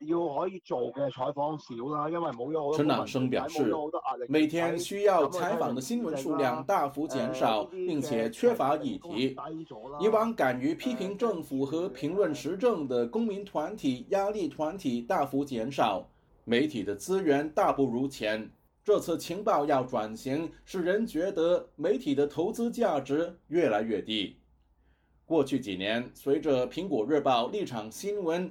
要可以做嘅採訪少啦，因為冇有陳南生表示，每天需要採訪的新聞數量大幅減少，並且缺乏議題。以往敢於批評政府和評論時政的公民團體、壓力團體大幅減少，媒體的資源大不如前。這次晴報要轉型，使人覺得媒體的投資價值越來越低。過去幾年，隨着蘋果日報、立場新聞、